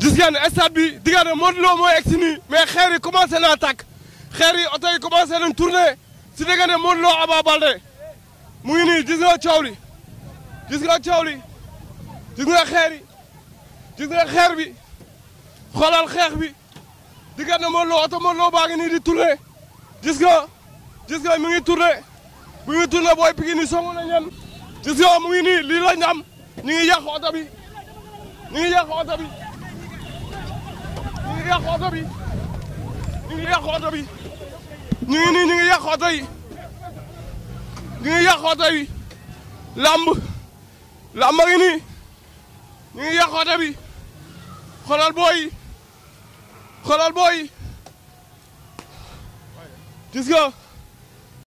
gis ngeen ne stade bi di nga ne Modou Lo mooy egg si nii mais xeer yi commencé naa tàkk xeer yi oto yi commencé nañ tourné si di nga ne Modou Lo Ama mu ngi nii gis nga coow li gis nga xeer bi xoolal xeex bi di nga ne Modou oto Modou Lo baa di tourné gis nga gis mi ngi tourné mi ngi tourné booy pigi songu na ñen gis mu ngi nii lii lañ ngi yàq oto bi ñu ngi yàq oto bi yàq oto bi ñu ngi yàq oto bi ñu ngi nii ñu ngi yàq oto yi ñu ngi yàq oto yi làmb làmb ngi nii ñu ngi yàq oto bi xoolal booy xoolal